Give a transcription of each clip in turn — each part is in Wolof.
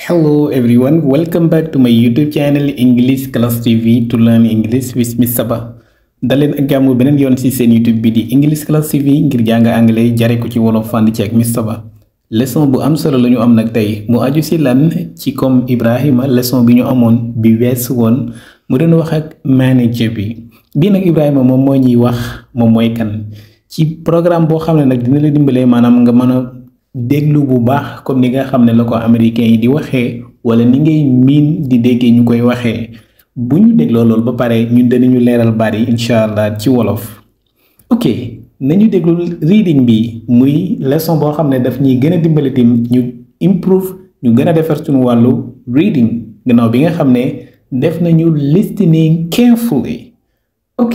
Hello everyone, welcome back to my YouTube channel English Class TV to English with Miss Saba. daleen ak jàmm beneen yoon ci seen YouTube bi di English Class TV ngir jàng anglais jare ko ci wolof fànn ci ak Miss Saba. leçon bu am solo la am nag tey mu aju ci lan ci comme Ibrahima leson bi ñu amoon bi wees woon mu doon wax ak manager bi bii nag Ibrahima moom moo ñuy wax moom mooy kan ci programme boo xam ne nag dina la dimbalee maanaam nga a déglu bu baax comme ni nga xam ne la ko américains yi di waxee wala ni ngay miin di déggee ñu koy waxee bu ñu dégloo loolu ba pare ñun danañu leeral bari yi allah ci wolof. ok nañu déglu reading bi muy leçon boo xam ne daf ñuy gën a dimbali tim ñu improve ñu gën a defar suñu wàllu reading gannaaw bi nga xam ne def nañu listening carefully ok.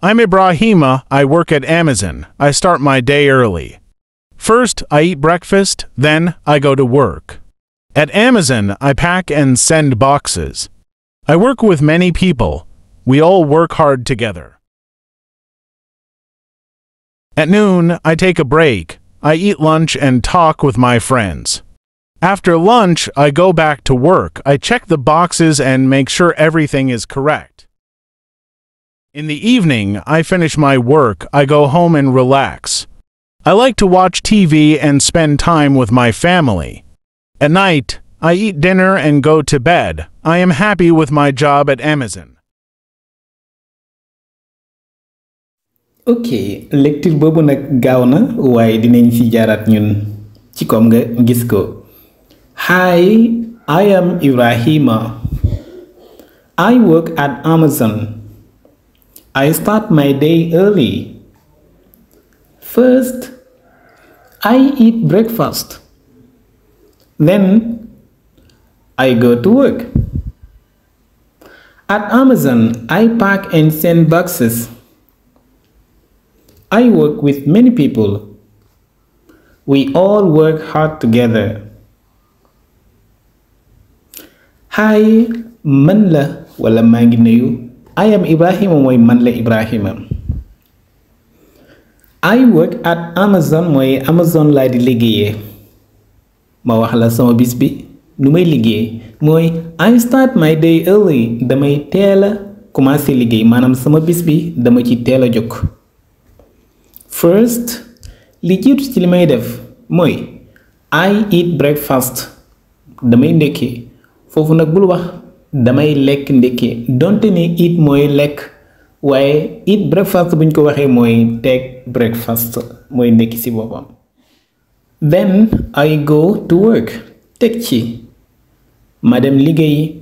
I'm Ibrahima. I work at Amazon. I start my day early. First, I eat breakfast, then, I go to work. At Amazon, I pack and send boxes. I work with many people. We all work hard together. At noon, I take a break. I eat lunch and talk with my friends. After lunch, I go back to work. I check the boxes and make sure everything is correct. In the evening, I finish my work, I go home and relax. I like to watch TV and spend time with my family. At night, I eat dinner and go to bed. I am happy with my job at Amazon. ok lecture boobu nag gaaw na waaye dinañ ci jaaraat ñun ci kom nga gis ko hi I am Ibrahima I work at Amazon I start my day early. First, I eat breakfast. Then, I go to work. At Amazon, I pack and send boxes. I work with many people. We all work hard together. Hi, man la wala maa ngi nuyu I am mooy man la Ibrahima I work at Amazon mooy Amazon laa di liggéeyee ma wax la sama bis bi lu may liggéey mooy I start my day early damay teel a commencé liggéey maanaam sama bis bi dama ci teel a jóg first li jiitu ci li may def mooy I eat breakfast damay ndekki foofu nag bul wax damay lekk ndékki donte ni eat mooy lekk waaye eat breakfast buñ ko waxee mooy teg breakfast mooy ndékki ci boppam then I go to work teg ci ma dem liggéey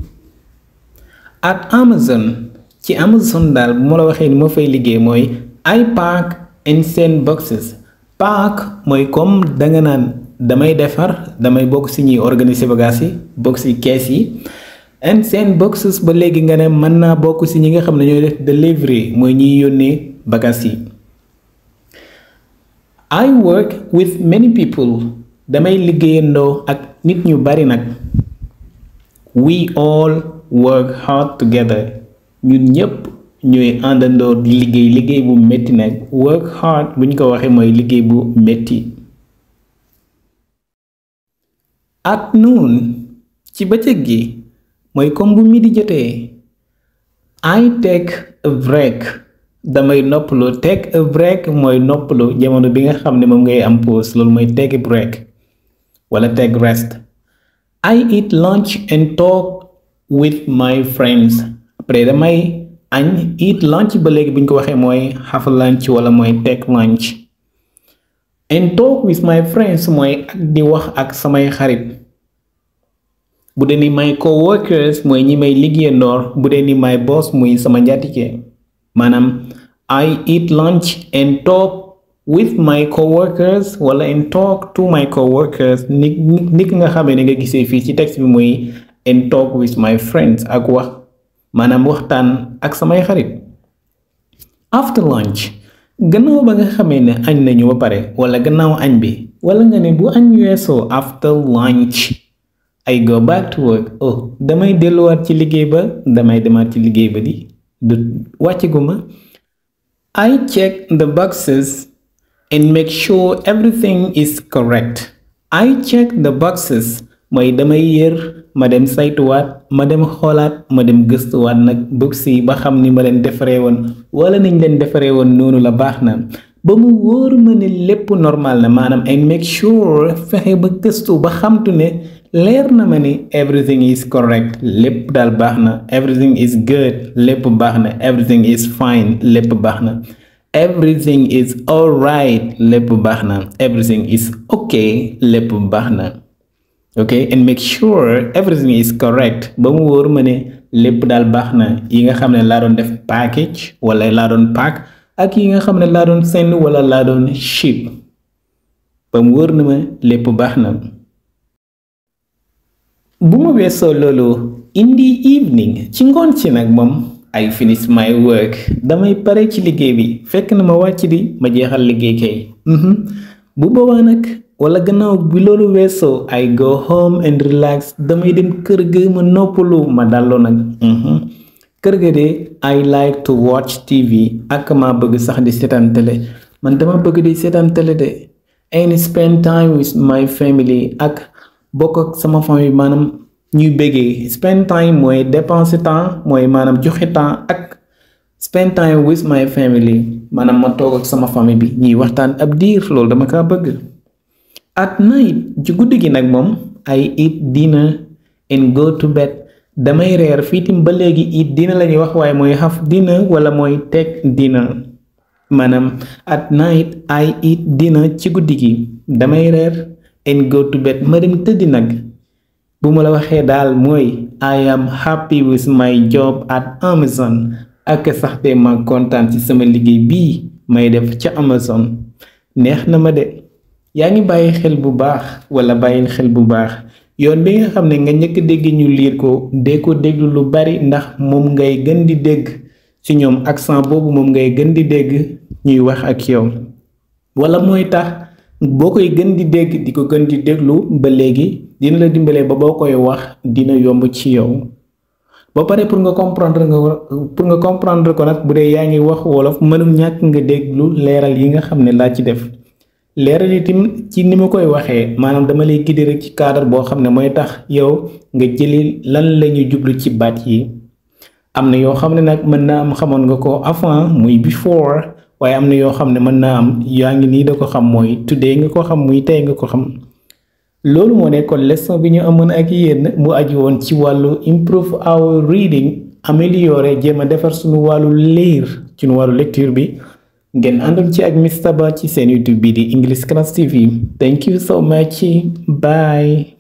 at Amazon ci Amazon daal bu ma la waxee ni ma fay liggéey mooy I pack and send boxes pack mooy comme danga naan damay defar damay bokk si ñuy organiser bagage yi bokk si kees yi seen boxes ba léegi nga ne mën naa bokk ci ñi nga xam ne ñooy def delivery mooy ñiy yónnee bagages yi I work with many people damay liggéeyandoo ak nit ñu bari nag we all work hard together ñun ñëpp ñooy àndandoo di liggéey liggéey bu métti nag work hard bu ñu ko waxee mooy liggéey bu métti at noon ci bëccëg gi mooy comme bu di jotee I take a break damay noppaloo take a break mooy noppaloo jamono bi nga xam ne moom ngay am pause loolu mooy take a break wala take rest I eat lunch and talk with my friends après damay añ eat lunch ba léegi buñ ko waxee mooy have lunch wala mooy take lunch and talk with my friends mooy ak di wax ak samay xarit bu dee ni my co-workers mooy ñi may liggéeyandoor bu dee ni may boss muy sama njaatige maanaam I eat lunch and talk with my co-workers wala and talk to my co-workers ni nga xamee ne nga gisee fii ci texte bi muy and talk with my friends ak wax maanaam waxtaan ak samay xarit after lunch gannaaw ba nga xamee ne añ nañu ba pare wala gannaaw añ bi wala nga ne bu añ weesoo after lunch ay go back to work oh damay delluwaat ci liggéey ba damay demaat ci liggéey ba di du wàcceguma I check the boxes and make sure everything is correct I check the boxes mooy damay yër ma dem saytuwaat ma dem xoolaat ma dem gëstuwaat nag box ba xam ni ma leen defaree woon wala nañ leen defaree woon noonu la baax na ba mu wóor ma ne lépp normal na maanaam ay make sure fexe ba gëstu ba xamtu ne leer na ma ni everything is correct lépp daal baax na everything is good lépp baax na everything is fine lépp baax na everything is alright lépp baax na everything is ok lépp baax na ok and make sure everything is correct ba mu wóor ma ne lépp daal baax na yi nga xam ne laa doon def package wala laa doon pack ak yi nga xam ne laa doon send wala laa doon ship ba mu wóor na ma lépp baax na bu ma weesoo loolu in the evening ci ngoon ci nag moom I finish my work damay pare ci liggéey bi fekk na ma wàcc di ma jeexal liggéey kay mhm. bu boobaa nag wala gannaaw bi loolu weesoo ay go home and relax damay dem kër ga ma noppalu ma dalloo nag mhm. kër ga de I like to watch TV ak ma bëgg sax di seetaan télé man dama bëgg di seetaan télé de and spend time with my family ak bokk ak sama famille maanaam ñuy bëggee spend time mooy dépenser temps mooy maanaam joxe temps ak spend time with my family maanaam ma toog ak sama famille bi ñuy waxtaan ab diir loolu dama kaa bëgg. at night ci guddi gi nag moom I eat dinner and go to damay reer fii tim ba léegi eat dina la ñuy wax waaye mooy have dinner wala mooy teg dinner maanaam at night I eat dinner ci guddi gi damay reer. and go to bed ma dem tëddi nag bu ma la waxee daal mooy I am happy with my job at Amazon ak sax te ma kontaan ci sama liggéey bii may def ca Amazon neex na ma de yaa ngi bàyyi xel bu baax wala bàyyil xel bu baax yoon bi nga xam ne nga njëkk dégg ñu liir ko dee ko déglu lu bari ndax moom ngay gën di dégg ci ñoom accent boobu moom ngay gën di dégg ñuy wax ak yow wala mooy tax boo koy gën di dégg di ko gën di déglu ba léegi dina la dimbalee ba boo koy wax dina yomb ci yow ba pare pour nga comprendre nga pour nga comprendre ko nag bu dee yaa ngi wax wolof mënul ñàkk nga déglu leeral yi nga xam ne laa ci def leeral itam ci ni ma koy waxee maanaam dama lay gindi rek ci cadre boo xam ne mooy tax yow nga jëli lan la jublu ci baat yi am na yoo xam ne nag mën naa am xamoon nga ko avant muy before waaye am na yoo xam ne mën naa am yaa ngi nii da ko xam mooy tuddee nga ko xam muy tey nga ko xam loolu moo nekkoon leçon bi ñu amoon ak yéen mu aju woon ci wàllu improve our reading améliorer jéem a defar suñu wàllu lire suñu wàllu lecture bi ngeen àndoon ci ak Miss ci seen YouTube bi di English Class TV thank you so much bye.